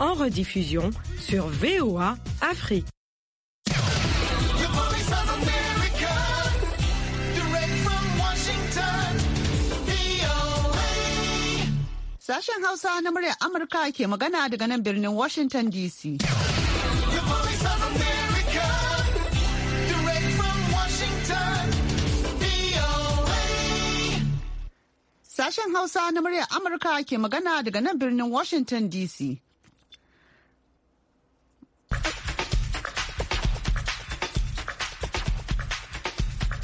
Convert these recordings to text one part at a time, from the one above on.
en rediffusion sur VOA Afrique. Sashen Hausa na murya Amurka ke magana daga nan birnin Washington DC. Sashen Hausa na murya Amurka ke magana daga nan birnin Washington DC.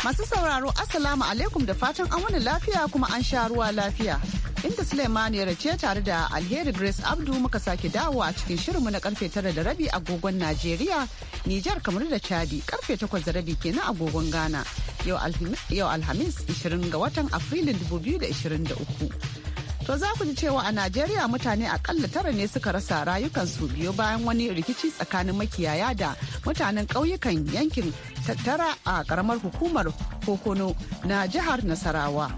Masu sauraro Assalamu alaikum da fatan an wani lafiya kuma an sha ruwa lafiya. Inda Suleiman ya race tare da Alheri Grace Abdu muka sake dawo a cikin shirinmu na karfe tara da rabi agogon Najeriya, Nijar kamar da Chadi karfe takwas da rabi kenan agogon Ghana. Yau Alhamis 20 ga watan Afrilun 2023. To za ku ji cewa a Najeriya mutane akalla tara ne suka rasa rayukansu biyu bayan wani rikici tsakanin makiyaya da mutanen ƙauyukan yankin tattara a ƙaramar hukumar Kokono na jihar Nasarawa.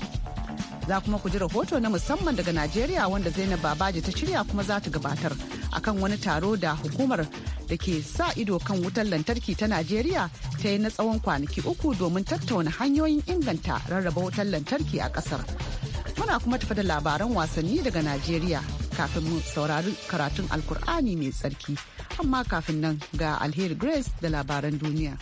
Za kuma ku ji rahoto na musamman daga Najeriya wanda Zainab Babaji ta shirya kuma za ta gabatar akan wani taro da hukumar da ke sa ido kan wutar lantarki ta Najeriya ta yi na tsawon kwanaki uku domin tattauna hanyoyin inganta rarraba wutar lantarki a ƙasar. Muna kuma tafi da labaran wasanni daga Najeriya kafin mu saurari karatun Alkur'ani mai tsarki. Amma kafin nan ga Alheri Grace da labaran duniya.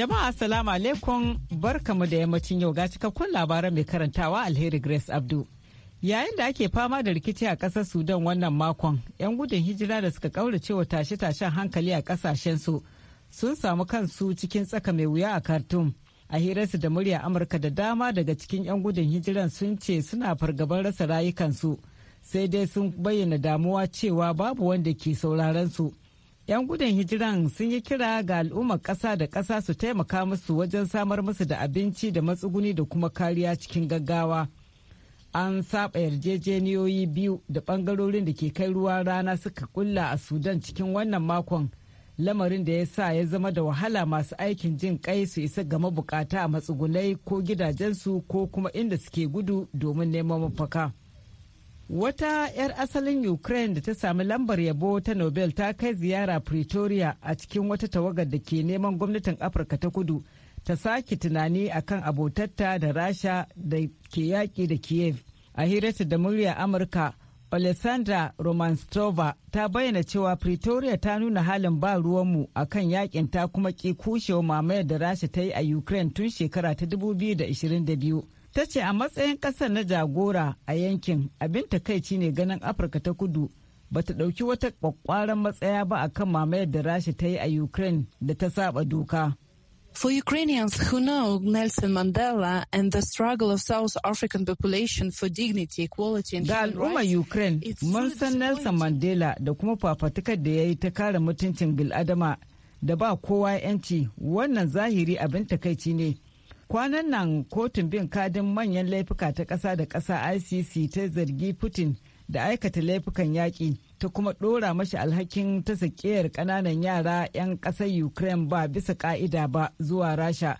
Jama'a Assalamu alaikum barkamu da yammacin yau ga cikakkun labaran mai karantawa Alheri Grace Abdu. Yayin da ake fama da rikici a ƙasar Sudan wannan makon, 'yan gudun hijira da suka kaurace wa tashe-tashen hankali a ƙasashensu sun samu kansu cikin tsaka mai wuya a Khartoum. A hirarsu da murya Amurka da dama daga cikin 'yan gudun hijiran sun ce suna fargabar rasa rayukansu, sai dai sun bayyana damuwa cewa babu wanda ke sauraron su. 'Yan gudun hijiran sun yi kira ga al'ummar ƙasa da ƙasa su taimaka musu wajen samar musu da abinci da matsuguni da kuma kariya cikin gaggawa. An saba yarjejeniyoyi biyu da bangarorin da ke kai ruwa rana suka kulla a Sudan cikin wannan makon. lamarin da ya sa ya zama da wahala masu aikin jin kai su isa ga mabukata a matsugunai ko gidajensu ko kuma inda suke gudu domin neman mafaka. Wata 'yar asalin Ukraine da ta sami lambar yabo ta Nobel ta kai ziyara Pretoria a cikin wata tawagar da ke neman gwamnatin Afirka ta kudu ta sake tunani akan abotatta da Rasha da ke yaƙi da Kiev. A hirarta da murya Amurka, Alessandra Romanstrova ta bayyana cewa Pretoria ta nuna halin ba ruwanmu a kan yaƙin ta kuma ƙi kushewa mamayar da Rasha ta yi a Ukraine tun shekara ta 2022. ta ce a matsayin kasar na jagora a yankin abin takaici ne ganin afirka ta kudu ba ta ɗauki wata ƙwaƙƙwaran matsaya ba akan mamayar da rasha ta yi a ukraine da ta saba doka For Ukrainians who know Nelson Mandela and the struggle of South African population for dignity, equality and Ga al'ummar Ukraine, mun san Nelson Mandela da kuma fafatukar da ya yi ta kare mutuncin bil'adama da ba kowa 'yanci wannan zahiri abin takaici ne. kwanan nan kotun bin kadin manyan laifuka ta ƙasa da ƙasa icc ta zargi putin da aikata laifukan yaƙi ta kuma ɗora mashi alhakin ta sakiyar ƙananan yara 'yan ƙasar ukraine ba bisa ƙa'ida ba zuwa rasha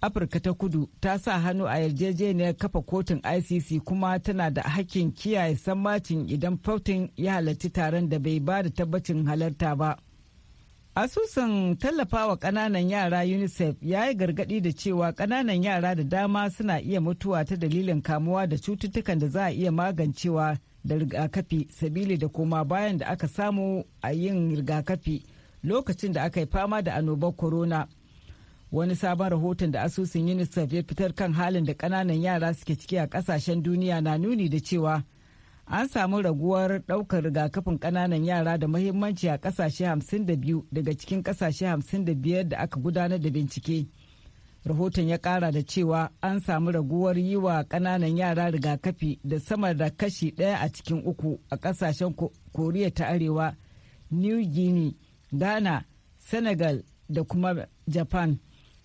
afirka ta kudu ta sa hannu a yarjejeniyar kafa kotun icc kuma tana da hakkin kiyaye sammacin idan putin ya halarci taron da bai ba da tabbacin halarta ba Asusun tallafawa ƙananan yara UNICEF ya yi gargaɗi da cewa ƙananan yara da dama suna iya mutuwa ta dalilin kamuwa da cututtukan da za a iya magancewa da rigakafi sabili da koma bayan da aka samu a yin rigakafi lokacin da aka yi fama da annobar corona. Wani sabon rahoton da asusun UNICEF ya fitar kan halin da ƙananan yara suke ciki a ƙasashen duniya na nuni da cewa an samu raguwar ɗaukar rigakafin kananan yara da muhimmanci a kasashe 52 daga cikin kasashe 55 da aka gudanar da bincike. Rahoton ya kara da cewa an samu raguwar yi wa kananan yara rigakafi da sama da kashi ɗaya a cikin uku a kasashen Koriya ta Arewa, New Guinea, Ghana, Senegal da kuma Japan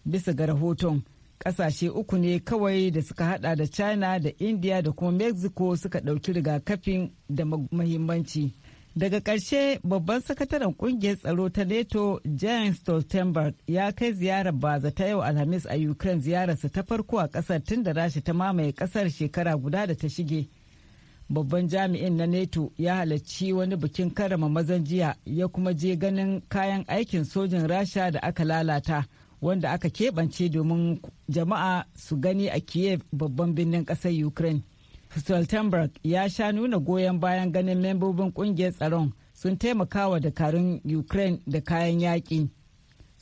bisa ga rahoton. kasashe uku ne kawai da suka hada da china da india da kuma mexico suka ɗauki rigakafin da mahimmanci daga ƙarshe babban sakataren kungiyar tsaro ta nato james stoltenberg ya kai ziyarar baza ta yau alhamis a ukraine ziyararsa ta farko a ƙasar tun da rasha ta mamaye ƙasar shekara guda da ta shige babban jami'in na nato ya halarci wani bikin karama mazan jiya ya kuma je ganin kayan aikin sojin rasha da aka lalata wanda aka keɓance domin jama'a su gani a kiev babban birnin ƙasar ukraine stoltenberg ya sha nuna goyon bayan ganin membobin ƙungiyar tsaron sun taimaka wa dakarun ukraine da kayan yaƙi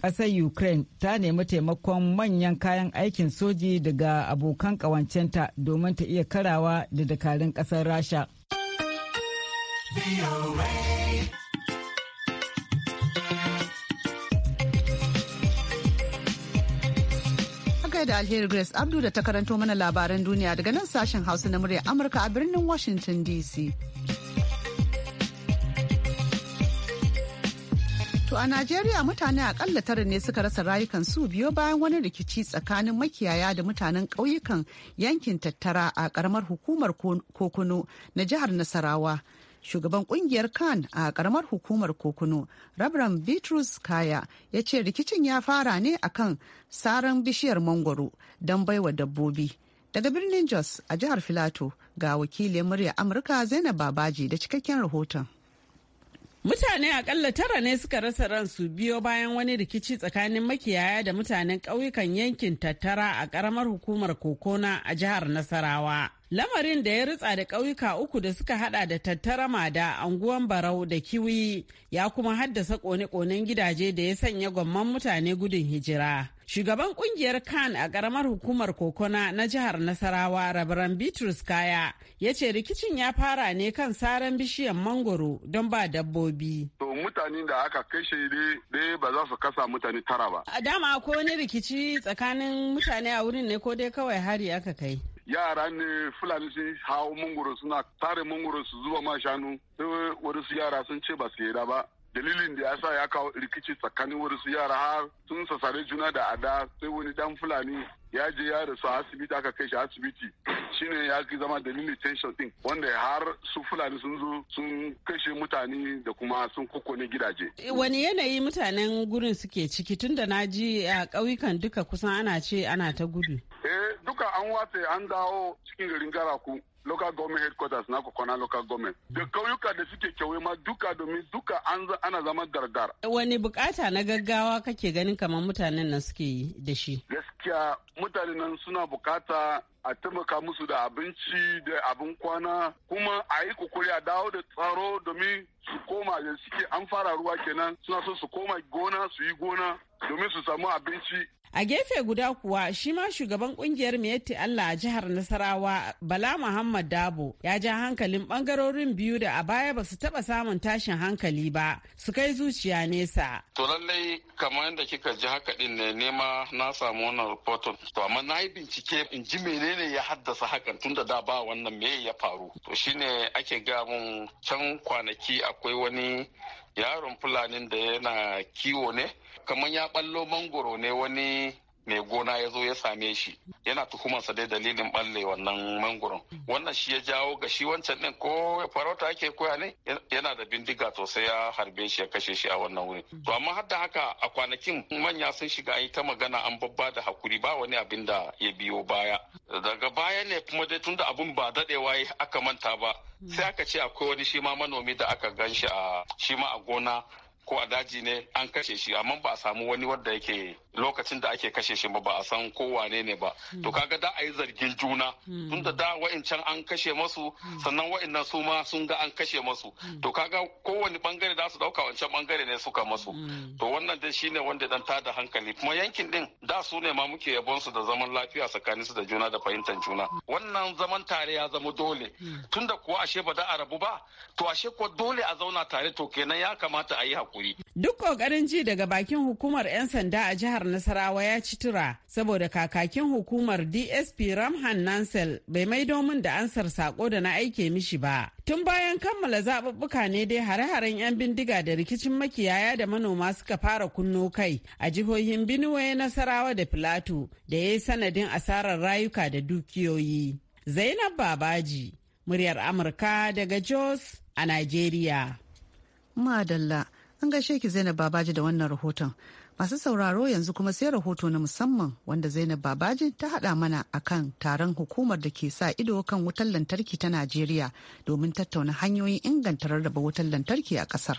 ƙasar ukraine ta nemi taimakon manyan kayan aikin soji daga abokan ƙawancenta domin ta iya karawa da dakarun ƙasar rasha. da alheri Grace Abdu da ta karanto mana labaran duniya daga nan sashen Hausa na murya Amurka a birnin Washington DC. To a Najeriya mutane akalla tara ne suka rasa rayukansu biyo bayan wani rikici tsakanin makiyaya da mutanen ƙauyukan yankin tattara a ƙaramar hukumar kokono na jihar Nasarawa shugaban kungiyar kan a karamar hukumar kokuno rabram bitrus kaya ya ce rikicin ya fara ne akan saran bishiyar mangoro don baiwa dabbobi daga birnin jos a jihar filato ga wakilin murya amurka zainab babaji da cikakken rahoton Mutane akalla tara ne suka rasa ransu biyo bayan wani rikici tsakanin makiyaya da mutanen ƙauyukan yankin tattara a ƙaramar hukumar Kokona a jihar Nasarawa. lamarin da ya ritsa da ƙauyuka uku da suka hada da tattarama da anguwan barau da kiwi ya kuma haddasa kone-konen gidaje da ya sanya gwamman mutane gudun hijira shugaban kungiyar kan a karamar hukumar kokona na jihar nasarawa rabaran bitrus kaya ya ce rikicin ya fara ne kan saran bishiyan mangoro don ba dabbobi to mutane da aka kai kashe dai ba za su kasa mutane tara ba a dama ko wani rikici tsakanin mutane a wurin ne ko dai kawai hari aka kai yara ne fulani sun hawo mangoro suna tare mangoro su zuba ma shanu sai wadansu yara sun ce ba su da ba dalilin da ya sa ya kawo rikici tsakanin wurisu yara har sun sasare juna da ada sai wani dan fulani ya je ya rasu asibiti aka kai shi asibiti shine ya ki zama dalilin tension din wanda har su fulani sun zo sun kashe mutane da kuma sun kokone gidaje wani yanayi mutanen gurin suke ciki tunda na ji a ƙauyukan duka kusan ana ce ana ta gudu eh duka an wace an dawo cikin garin garaku local government headquarters na kokona local government da kauyuka da suke kyauye ma duka domin duka an ana zama gargar wani bukata na gaggawa kake ganin kamar mutanen nan suke yi da shi gaskiya mutanen nan suna bukata a taimaka musu da abinci da abin kwana kuma a yi kukuri a dawo da tsaro domin su koma da suke an fara ruwa kenan suna so su koma gona su yi gona domin su samu abinci A gefe guda kuwa shi ma shugaban kungiyar Miyetti Allah a jihar Nasarawa Bala Muhammad Dabo ya ja hankalin bangarorin biyu da a baya ba su taba samun tashin hankali ba su kai zuciya nesa. To lallai kamar yadda kika ji haka din ne nema na samu wannan rahoton. To amma na yi bincike in ji menene ya haddasa hakan tunda da ba wannan me ya faru. To shine ake ga mun can kwanaki akwai wani yaron fulanin da yana kiwo ne kamar ya ballo mangoro ne wani mai gona ya zo ya same shi yana tuhumarsa dai dalilin balle wannan mangoron wannan shi ya jawo ga shi wancan din ko farauta ake koya ne yana da bindiga to sai ya harbe shi ya kashe shi a wannan wuri to amma har da haka a kwanakin manya sun shiga an yi ta magana an babba da hakuri ba wani abin da ya biyo baya daga baya ne kuma dai tunda abun ba dadewa aka manta ba sai aka ce akwai wani shi ma manomi da aka gan shi a shi ma a gona ko a daji ne an kashe shi amma ba a samu wani wanda yake lokacin da ake kashe shi ba ba a san ko wane ne ba hmm. to kaga da a yi zargin juna hmm. tun da da wa'incan an kashe masu hmm. sannan wa'innan su ma sun ga an kashe masu to kaga kowane bangare da su dauka wancan bangare ne suka masu to wannan dai shine wanda dan tada hankali kuma yankin din da su ne ma muke yabon su da zaman lafiya tsakanin su da juna da fahimtar juna wannan zaman tare ya zama dole tunda kuwa ashe ba da a rabu ba to ashe ko dole a zauna tare to kenan ya kamata a yi haƙuri hakuri. Duk ƙoƙarin ji daga bakin hukumar 'yan sanda a jihar Nasarawa ya ci tura saboda kakakin hukumar DSP Ramhan Nansel bai mai domin da ansar sako da na aike mishi ba. Tun bayan kammala zaɓuɓɓuka ne dai hare-haren 'yan bindiga da rikicin makiyaya da manoma suka fara kunno kai a jihohin Benue, Nasarawa da Filato da ya yi sanadin asarar rayuka da dukiyoyi. Zainab Babaji, muryar Amurka daga Jos a Najeriya. Madalla. An gaishe ki Zainab Babaji da wannan rahoton. Masu sauraro yanzu kuma sai rahoto na musamman wanda Zainab Babaji ta haɗa mana akan taron hukumar da ke sa ido kan wutar lantarki ta Najeriya domin tattauna hanyoyin inganta rarraba wutar lantarki a ƙasar.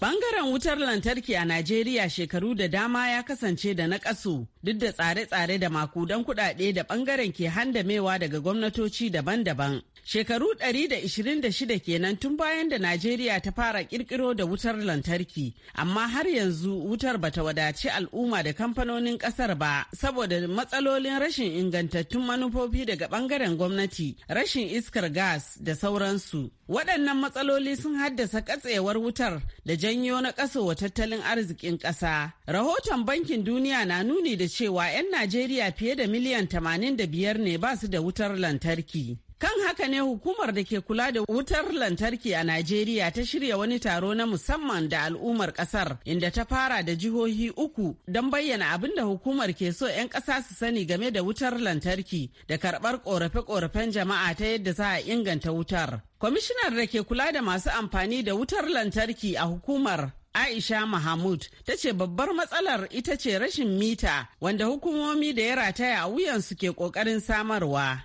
Bangaren wutar lantarki a Najeriya shekaru da dama ya kasance da nakasu duk da tsare-tsare da makudan kudade da bangaren ke handamewa daga gwamnatoci daban-daban. Shekaru 126 kenan tun bayan da Najeriya ta fara kirkiro da wutar lantarki, amma har yanzu wutar bata wadaci al'umma da kamfanonin kasar ba saboda matsalolin rashin ingantattun manufofi daga bangaren gwamnati, rashin iskar gas da sauransu. Waɗannan matsaloli sun haddasa katsewar wutar da janyo na ƙasa wa tattalin arzikin ƙasa. Rahoton Bankin Duniya na nuni da cewa 'yan Najeriya fiye da miliyan 85 ne ba su da wutar lantarki. Kan haka ne hukumar da ke kula da wutar lantarki a Najeriya ta shirya wani taro na musamman da al'ummar kasar inda ta fara da jihohi uku don bayyana abin da hukumar ke so 'yan ƙasa su sani game da wutar lantarki da karɓar ƙorafe-ƙorafen jama'a ta yadda za a inganta wutar. Kwamishinar da ke kula da masu amfani da wutar lantarki a hukumar Aisha Mahmud ta ce babbar matsalar ita ce rashin mita wanda hukumomi da ya rataya a wuyansu ke ƙoƙarin samarwa.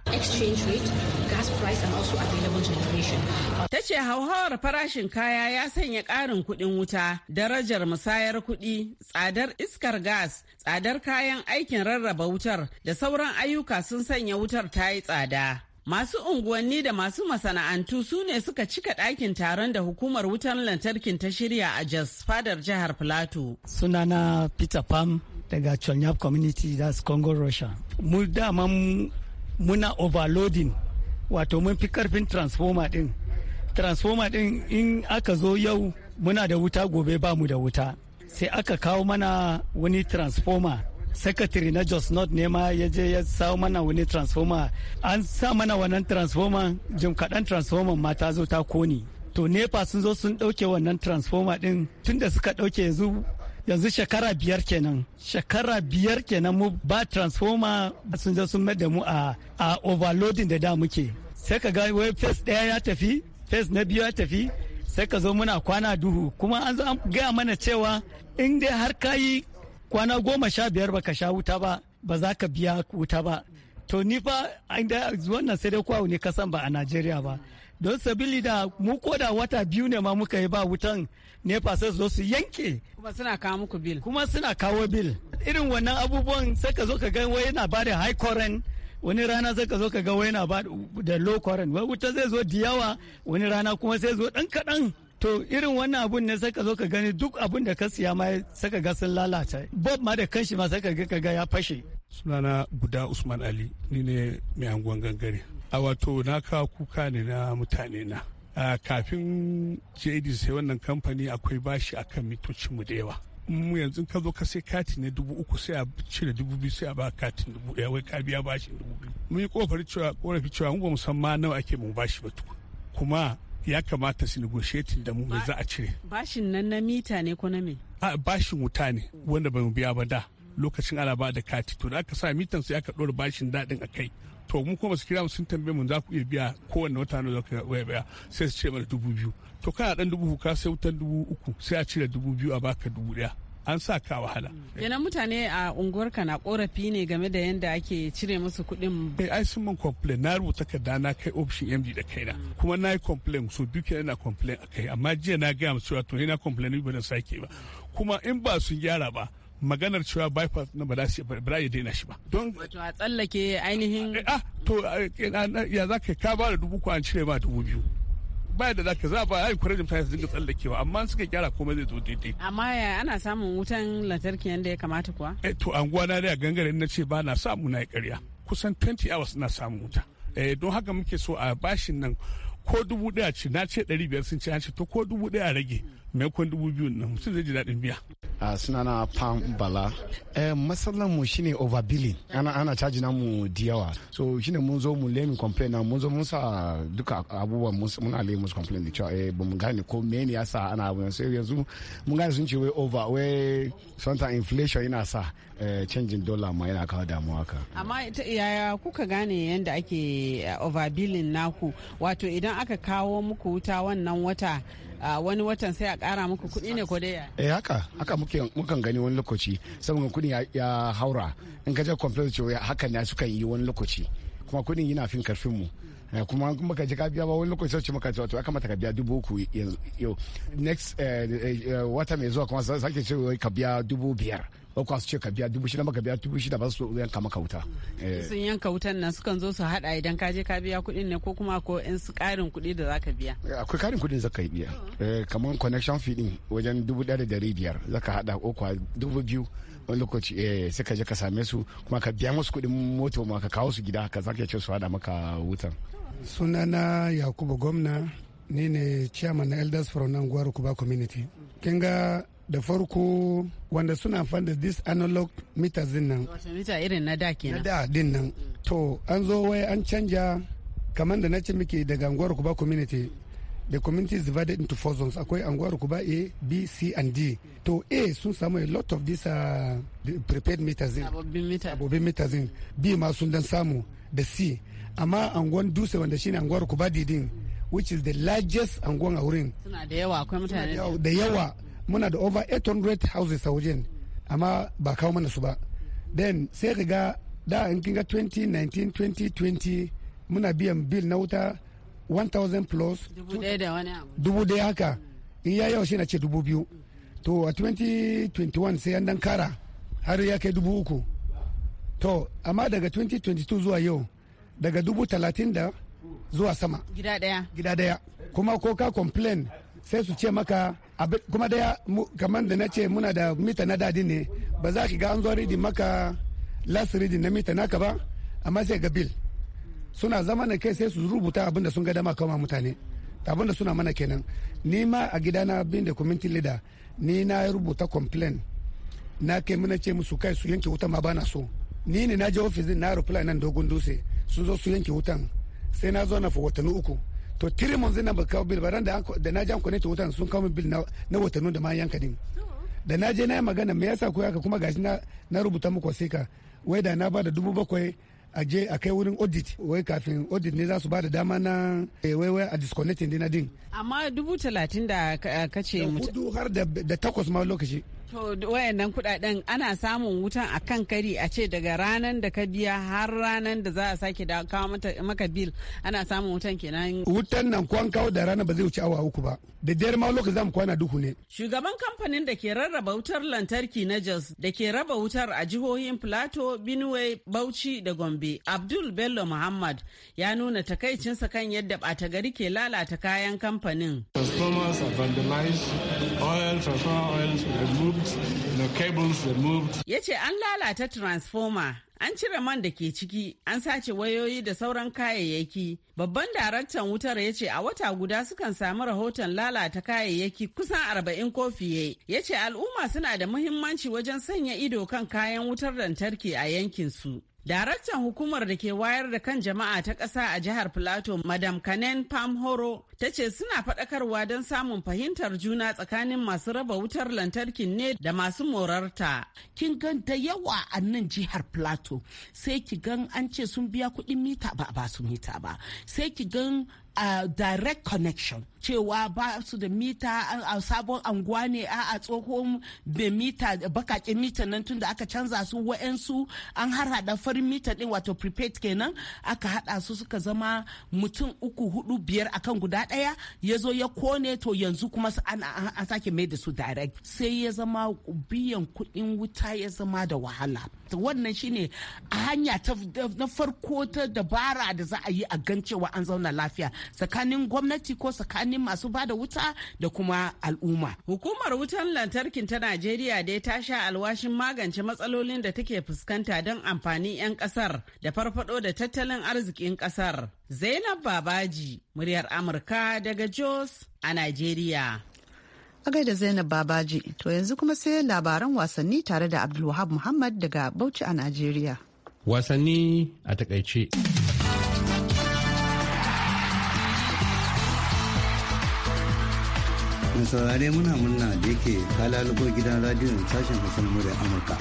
Ta ce hauhawar farashin kaya ya sanya ƙarin kuɗin wuta, darajar musayar kuɗi, tsadar iskar gas, tsadar kayan aikin rarraba wutar da sauran ayyuka sun sanya wutar ta yi tsada. Masu unguwanni da masu masana'antu su ne suka cika ɗakin taron da hukumar wutar lantarkin ta shirya a Jos fadar jihar Filato. Sunana Peter Pam daga Chonyap Community, that's Congo, Russia. Mu dama muna overloading wato mun fi karfin transformer din transformer din in aka zo yau muna da wuta gobe ba mu da wuta sai aka kawo mana wani transformer secretary na jos not nema ya je ya sawo mana wani transformer an sa mana wannan transformer jim kaɗan transformer ma ta zo ta koni to nepa sun zo sun ɗauke wannan transformer ɗin tunda suka ɗauke yanzu yanzu shekara biyar kenan shekara biyar kenan mu ba transformer sun sun da mu a a overloading da da muke sai ka ga wai face daya ya tafi face na biyu ya tafi sai ka zo muna kwana duhu kuma an an gaya mana cewa in dai har ka yi kwana goma sha biyar baka sha wuta ba ba za ka biya wuta ba to ni fa inda wannan sai dai kwawo ne kasan ba a najeriya ba don sabili da mu koda wata biyu ne ma muka yi ba wutan nepa sai zo su yanke kuma suna kawo muku bil kuma suna kawo bil irin wannan abubuwan sai ka zo ka ga wai yana ba da high current wani rana sai ka zo ka ga wai yana ba da low current wai wuta zai zo da yawa wani rana kuma sai zo dan kadan to irin wannan abun ne sai ka zo ka gani duk abun da ka siya ma sai ka ga sun lalace bob ma da kanshi ma sai ka ga ya fashe sunana guda usman ali ni ne mai anguwan gangare a wato na kawo kuka ne na mutane na kafin jd sai wannan kamfani akwai bashi akan mitocinmu da yawa mu yanzu ka zo ka sai katin ne dubu uku sai a cire dubu biyu sai a ba katin dubu ɗaya wai ka biya bashin dubu biyu mun yi kofari cewa korafi cewa mu ba mu san ma nawa ake mu bashi ba tukun kuma ya kamata su negotiating da mu za a cire bashin nan na mita ne ko na me a bashin wuta ne wanda ba mu biya ba da lokacin ana ba da kati to da aka sa mitan sai aka ɗora bashin daɗin a kai to mu kuma su kira mu sun tambaye mu za ku iya biya kowanne wata na zaka iya biya sai su ce mana dubu biyu to kana dan dubu ka sai wutan dubu uku sai a cire dubu biyu a baka dubu daya an sa ka wahala. Mm. Kenan mutane a unguwarka na korafi ne game da yadda ake cire musu kuɗin. Ai, eh, ai sun min complain na rubuta takarda na kai ofishin MD da kaina mm. kuma na yi complain so duk yana complain a kai amma jiya na gaya musu cewa to na complain ba zan sake ba mm. kuma in ba sun gyara ba maganar cewa bypass na ba za ya daina shi ba. Don wato a tsallake ainihin. Eh, ah to eh, eh, ya za ka ka ba da dubu ko an cire ma dubu biyu. Ba da za ka za ba ai kurajin ta su dinga tsallakewa amma suka gyara komai zai zo daidai. Amma ya ana samun wutan lantarki yadda ya kamata kuwa? Eh to anguwa na da gangare na ce ba na samu na yi ƙarya. Kusan 20 hours na samun wuta. Eh don haka muke so a bashin nan ko dubu daya ce na ce ɗari biyar sun ce an ce to ko dubu daya rage maimakon dubu biyu nan mutum zai ji daɗin biya. Uh, sunana Pam Bala. masallan eh, matsalar mu shine overbilling. Ana ana caji na mu diyawa. yawa. So shine mun zo mu lemi complain na mun zo mun sa duka abubuwan mun muna lemi mus complain cewa eh ba mu gane ko me ne yasa ana abu sai yanzu mun gane sun ce wai over wai santa inflation yana sa uh, eh, canjin dollar ma yana kawo damuwa ka. Amma yaya kuka gane yanda ake eh, overbilling naku wato idan aka kawo muku wuta wannan wata wani watan sai a kara muku kuɗi ne ko dai eh haka haka muke mukan gani wani lokaci saboda kuɗin ya haura in ka je complete cewa hakan ne sukan yi wani lokaci kuma kuɗin yana fin karfin mu eh, kuma muka ji ka biya ba wani lokaci sai muka ce wato aka mata ka biya dubu uku yau next eh, eh, wata mai zuwa kuma sake ce ka biya dubu biyar ɗauka su ce ka biya dubu shida maka biya dubu shida ba su yanka maka wuta. Eh. sun yanka wutan nan sukan zo su haɗa idan ka je ka biya kuɗin ne ko kuma ko in su ƙarin kuɗi da za ka biya. Eh, akwai ƙarin kuɗin za ka yi biya eh, kamar connection fee din wajen dubu ɗaya da ɗari biyar za ka haɗa ko kuwa dubu biyu wani lokaci sai ka je ka same su kuma ka biya musu kuɗin moto ma ka kawo su gida ka ka ce su haɗa maka wutan. sunana yakubu gwamna ni ne chairman na elders from gwaru kuba community kin ga da farko wanda suna fan da this analog meters din nan mita irin na da kenan na da din nan to an zo wai an canja kamar da na muke daga anguwar kuba community the community is divided into four zones akwai anguwar kuba a b c and d to a sun samu a lot of this uh, prepared meters in abobin meters in b ma sun dan samu da c amma anguwan dutse wanda shine anguwar kuba didin which is the largest anguwan a wurin suna da yawa akwai mutane da yawa muna da over 800 houses a wajen amma ba kawo mana su ba then sai ka ga da in kin ga 2019 2020 muna biyan bill na wuta 1000 plus dubu daya haka in ya yawa shi na ce dubu biyu to a 2021 sai an dan kara har ya kai dubu uku to amma daga 2022 zuwa yau daga dubu talatin da zuwa sama gida daya gida daya kuma ko ka complain sai su ce maka kuma daya kamar da na ce muna da mita na dadi ne ba za ki ga an zo ridi maka las ridi na mita naka ba amma sai ga bil suna zama na kai sai su rubuta abinda sun ga dama kama mutane abinda suna mana kenan ni ma a gidana bin da community leader ni na rubuta complain na kai muna ce musu kai su yanke wuta ma ba na so ni ne na je ofis na reply nan dogon dutse sun zo su yanke wutan sai na zo na fa watanni uku to tiri mun zina ba kawo bil ba da na jan ta wutan sun kawo bil na watannin da ma yanka din da na je na yi magana me yasa koya ka kuma gashi na rubuta muku ka wai da na ba da dubu bakwai a je a kai wurin audit wai kafin audit ne za su ba da dama na eh, wai wai a disconnecting din na din amma dubu talatin da ka eh, ce mutu har da takwas ma lokaci To nan kudaden ana samun wutan a kan kari a ce daga ranar da ka biya har ranar da za a sake da kawo maka bil ana samun wutan kenan. Wutan nan kwan kawo da rana ba zai wuce awa uku ba. Da dare ma lokacin zamu kwana duhu ne. Shugaban kamfanin da ke rarraba wutar lantarki na Jos da ke raba wutar a jihohin Plateau, Benue, Bauchi da Gombe, Abdul Bello Muhammad ya nuna takaicinsa kan yadda ɓata gari ke lalata kayan kamfanin. are vandalized yace Ya ce an lalata transformer an cire man da ke ciki an sace wayoyi da sauran kayayyaki babban daraktan wutar ya ce a wata guda sukan samu rahoton lalata kayayyaki kusan arba'in ko fiye ya ce al'umma suna da muhimmanci wajen sanya ido kan kayan wutar lantarki a yankinsu Daraktan hukumar da ke wayar da kan jama'a ta ƙasa a jihar Plateau, Madam Kanen Pamhoro, ta ce suna faɗakarwa don samun fahimtar juna tsakanin masu raba wutar lantarkin ne da masu morarta. Kin gan da yawa a nan jihar Plateau, sai ki gan an ce sun biya kuɗin mita ba ba su mita ba. Sai ki gan a direct connection cewa ba su da mita a sabon anguwa ne a tsohon da mita bakakin mita nan tun da aka canza su wa'ansu an har harhaɗa farin mita din wato prepaid kenan aka haɗa su suka zama mutum uku hudu biyar akan guda ɗaya ya zo ya kone to yanzu kuma an sake mai da su direct sai ya zama biyan kuɗin wuta ya zama da wahala wannan shine hanya na farko ta dabara da za a yi a gan cewa an zauna lafiya tsakanin gwamnati ko tsakanin masu ba da wuta da kuma al'umma. Hukumar wutar lantarkin ta Najeriya dai ta sha alwashin magance matsalolin da take fuskanta don amfanin 'yan kasar da farfado da tattalin arzikin kasar. Zainab Babaji, muryar Amurka daga Jos a Najeriya. A gaida Zainab Babaji, to yanzu kuma sai labaran wasanni tare da Abdulwahab Muhammad daga Bauchi a Najeriya. Wasanni a takaice. Mun saurare muna murna da yake kalalubo gidan radiyon sashen Hassan Murya Amurka.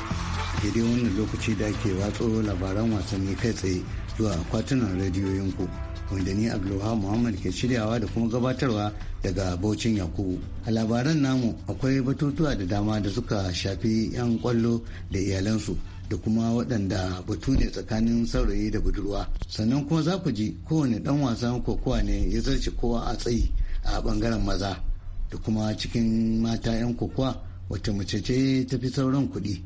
Daidai wannan lokaci da ke watso labaran wasanni kai tsaye zuwa akwatunan radiyoyinku. Wanda ni Abdullahi Muhammad ke shiryawa da kuma gabatarwa daga Baucin Yakubu. A labaran namu akwai batutuwa da dama da suka shafi 'yan kwallo da iyalansu. da kuma waɗanda batu ne tsakanin saurayi da budurwa sannan kuma za ku ji kowane ɗan wasan kokowa ne ya zarce kowa a tsayi a ɓangaren maza da kuma cikin mata 'yan kokowa wacce mace ce ta fi sauran kuɗi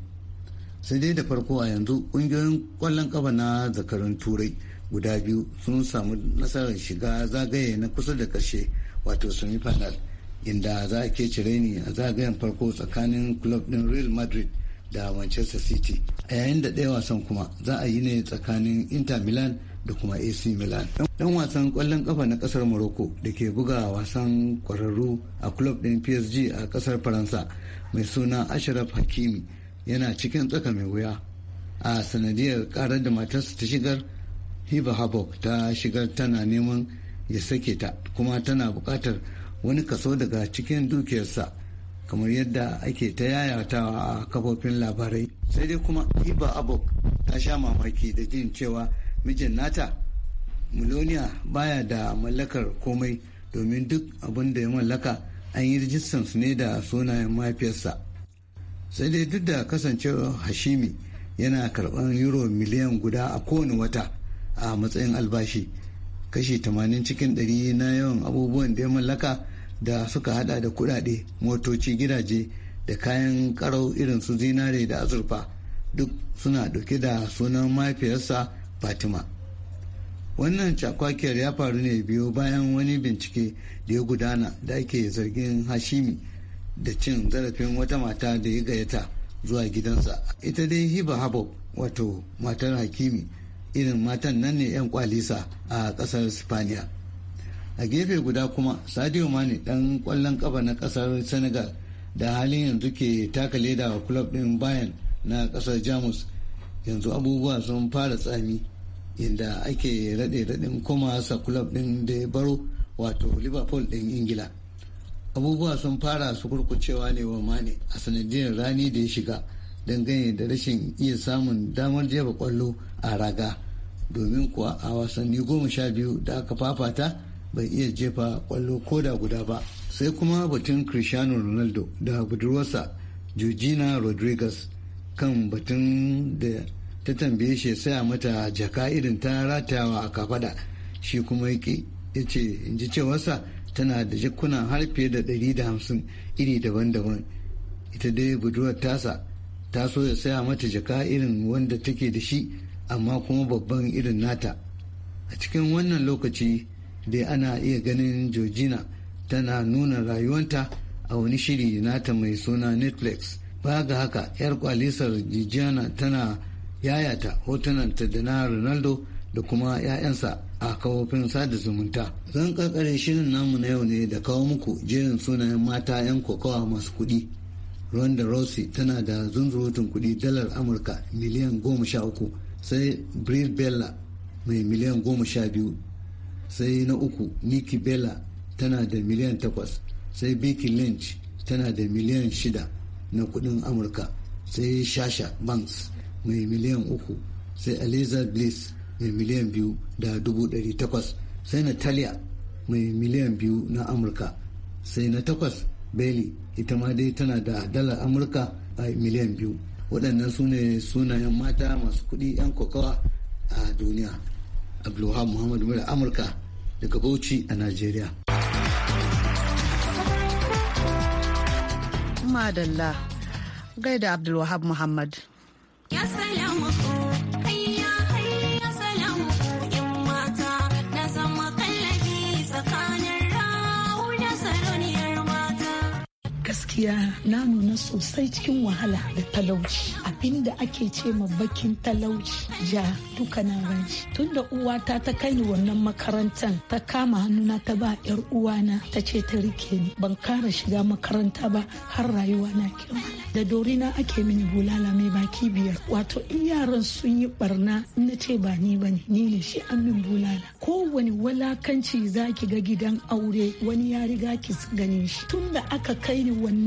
sai dai da farko a yanzu ƙungiyoyin ƙwallon ƙafa na zakarun turai guda biyu sun samu nasarar shiga zagaye na kusa da ƙarshe wato semifinal inda za a ke cire ni a zagayen farko tsakanin club din real madrid da manchester city a yayin da ɗaya wasan kuma za a yi ne tsakanin inter milan da kuma AC Milan. ɗan wasan ƙwallon ƙafa na ƙasar Morocco da ke buga wasan ƙwararru a club din PSG a ƙasar Faransa mai suna Ashraf Hakimi yana cikin tsaka mai wuya a sanadiyar karar da matarsa ta shigar Hiba Habok ta shigar tana neman ya sake ta kuma tana buƙatar wani kaso daga cikin dukiyarsa kamar yadda ake ta yayatawa a kafofin labarai sai dai kuma hiba abok ta sha mamaki da jin cewa mijin nata miloniya baya da mallakar komai domin duk abin da ya mallaka an yi rijistan su ne da sunayen mahaifiyarsa sai dai duk da kasancewar hashimi yana karɓar euro miliyan guda a kowane wata a matsayin albashi kashi 80 cikin 100 na yawan abubuwan da ya mallaka da suka hada da kudade motoci gidaje da kayan karau irin su zinare da azurfa duk suna dauke da sunan mahaifiyarsa fatima wannan cakwakiyar ya faru ne biyo bayan wani bincike da ya gudana da ake zargin hashimi da cin zarafin wata mata da ya gayyata zuwa gidansa ita dai hiba habob wato matar hakimi irin matan nan ne 'yan kwalisa a kasar spaniya a gefe guda kuma sadio mane dan kwallon kafa na kasar senegal da halin yanzu ke taka leda wa club din bayan na kasar jamus yanzu abubuwa sun fara tsami inda ake raɗe-raɗin koma sa club ɗin da ya baro wato liverpool ɗin ingila abubuwa sun fara su kurkucewa ne wa mane a sanadiyar rani da ya shiga dangane da rashin iya samun damar jefa kwallo a raga domin kuwa a wasanni goma sha biyu da aka fafata bai iya jefa kwallo ko da guda ba sai kuma batun cristiano ronaldo da budurwarsa georgina rodriguez kan batun da ta tambaye shi ya saya mata jaka irin ta ratawa a kafada shi kuma yake ya ce in ji cewarsa tana da jakuna har fiye da ɗari da hamsin iri daban-daban ita dai budurwar tasa ta so ya saya mata jaka irin wanda take da shi amma kuma babban irin nata a cikin wannan lokaci dai ana iya ganin georgina tana nuna rayuwanta a wani shiri nata mai suna netflix ba ga haka 'yar kwalisar georgina tana yayata hotunanta da na ronaldo da kuma 'ya'yansa a kafofin sada zumunta zan karkare shirin namu na yau ne da kawo muku jerin sunayen mata 'yan kokawa masu kuɗi Ronda Rossi tana da zunzurutun kuɗi dalar Amurka miliyan goma sha uku sai Brie Bella mai miliyan goma sha biyu sai na uku Nikki Bella tana da miliyan takwas sai Becky Lynch tana da miliyan shida na kuɗin Amurka sai Shasha Banks mai miliyan uku sai aliza bliss mai miliyan biyu da dubu ɗari takwas sai natalia mai miliyan biyu na amurka sai na takwas bailey ita ma dai tana da dalar amurka a miliyan biyu waɗannan su ne sunayen mata masu kuɗi 'yan kokawa a duniya Abdullahi muhammadu mura amurka daga bauchi a najeriya madalla gaida abdulwahab muhammad Ya salamu gaskiya na nuna sosai cikin wahala da talauci abinda ake ce ma bakin talauci ja duka na ranci tunda uwata ta kai ni wannan makarantar ta kama hannuna ta ba yar uwana ta ce ta rike ni ban kara shiga makaranta ba har rayuwa na kyau da dorina ake mini bulala mai baki biyar wato in yaran sun yi barna na ce ba ni ba ne ni ne shi an min bulala kowane walakanci zaki ga gidan aure wani ya riga ki ganin shi tunda aka kai ni wannan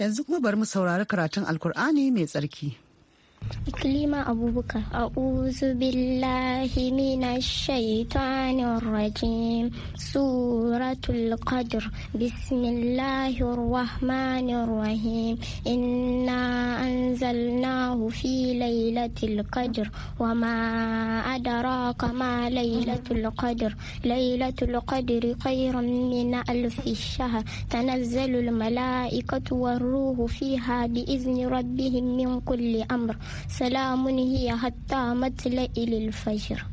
yanzu kuma bari mu saurari karatun alkur'ani mai tsarki إكليما أبو بكر أعوذ بالله من الشيطان الرجيم سورة القدر بسم الله الرحمن الرحيم إنا أنزلناه في ليلة القدر وما أدراك ما ليلة القدر ليلة القدر خير من ألف الشهر تنزل الملائكة والروح فيها بإذن ربهم من كل أمر salamun hiya hatta matla'il fajr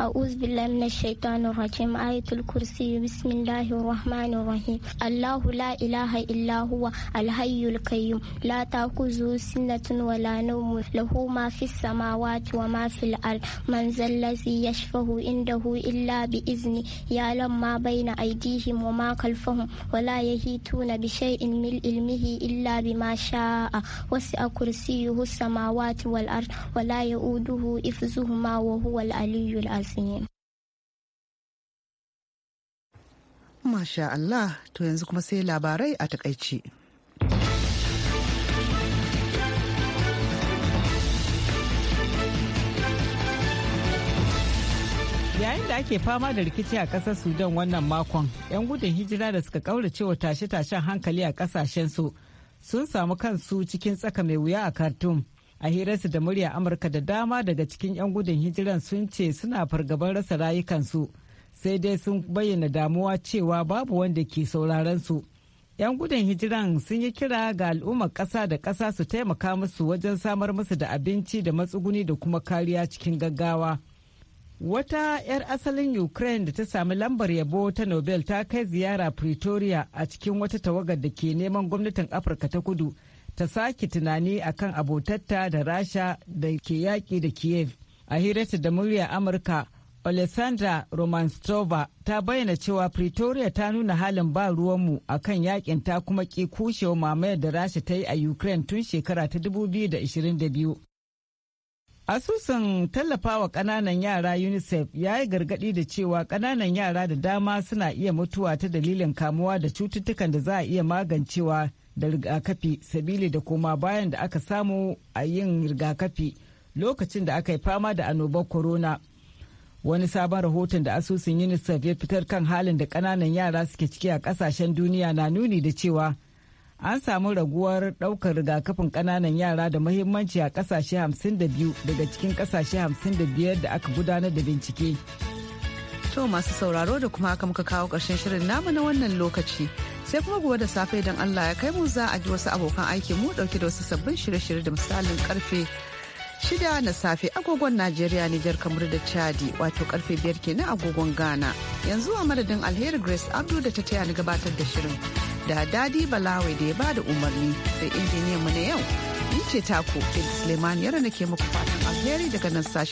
أعوذ بالله من الشيطان الرجيم آية الكرسي بسم الله الرحمن الرحيم الله لا إله إلا هو الحي القيوم لا تأخذه سنة ولا نوم له ما في السماوات وما في الأرض من ذا الذي يشفه عنده إلا بإذنه يعلم ما بين أيديهم وما خلفهم ولا يهيتون بشيء من علمه إلا بما شاء وسع كرسيه السماوات والأرض ولا يؤوده إفزهما وهو العلي العظيم Masha Allah to yanzu kuma sai labarai a takaici. yayin da ake fama da rikici a kasar sudan wannan makon 'yan gudun hijira da suka ƙaurace wa tashe-tashen hankali a su sun samu kansu cikin tsaka mai wuya a khartoum a hirarsu da murya amurka da dama daga cikin 'yan gudun hijiran sun ce suna fargabar rasa rayukansu sai dai sun bayyana damuwa cewa babu wanda ke sauraron su 'yan gudun hijiran sun yi kira ga al'ummar ƙasa da ƙasa su taimaka musu wajen samar musu da abinci da matsuguni da kuma kariya cikin gaggawa wata 'yar asalin ukraine da ta sami lambar yabo ta nobel ta kai ziyara pretoria a cikin wata tawagar da ke neman gwamnatin afirka ta kudu ta sake tunani akan abotatta da rasha da ke yaƙi da kiev a hirarta da murya amurka Alessandra Romanstova ta bayyana cewa Pretoria ta nuna halin ba ruwanmu a kan yaƙin ta kuma ki kushewa mamayar da Rasha ta yi a Ukraine tun shekara ta 2022. Asusun tallafawa ƙananan yara UNICEF ya yi gargaɗi da cewa ƙananan yara da dama suna iya mutuwa ta dalilin kamuwa da cututtukan da za a iya magancewa da rigakafi sabili da koma bayan da aka samu a yin rigakafi lokacin da aka yi fama da annobar corona wani sabon rahoton da asusun unicef ya fitar kan halin da kananan yara suke ciki a kasashen duniya na nuni da cewa an samu raguwar daukar rigakafin kananan yara da mahimmanci a kasashe 52 daga cikin kasashe 55 da aka gudanar da bincike to masu sauraro da kuma haka muka kawo ƙarshen shirin namu na wannan lokaci sai kuma gobe da safe don Allah ya kai mu za a ji wasu abokan aiki mu dauke da wasu sabbin shirye-shirye da misalin karfe shida na safe agogon Najeriya Nijar kamar da Chadi wato karfe biyar kenan agogon Ghana. Yanzu a madadin Alheri Grace Abdu da ta taya ni gabatar da shirin da Dadi Balawe da ya ba da umarni sai injiniyan mu na yau. Ni ce taku Kid Suleiman yara nake muku fatan alheri daga nan sashe.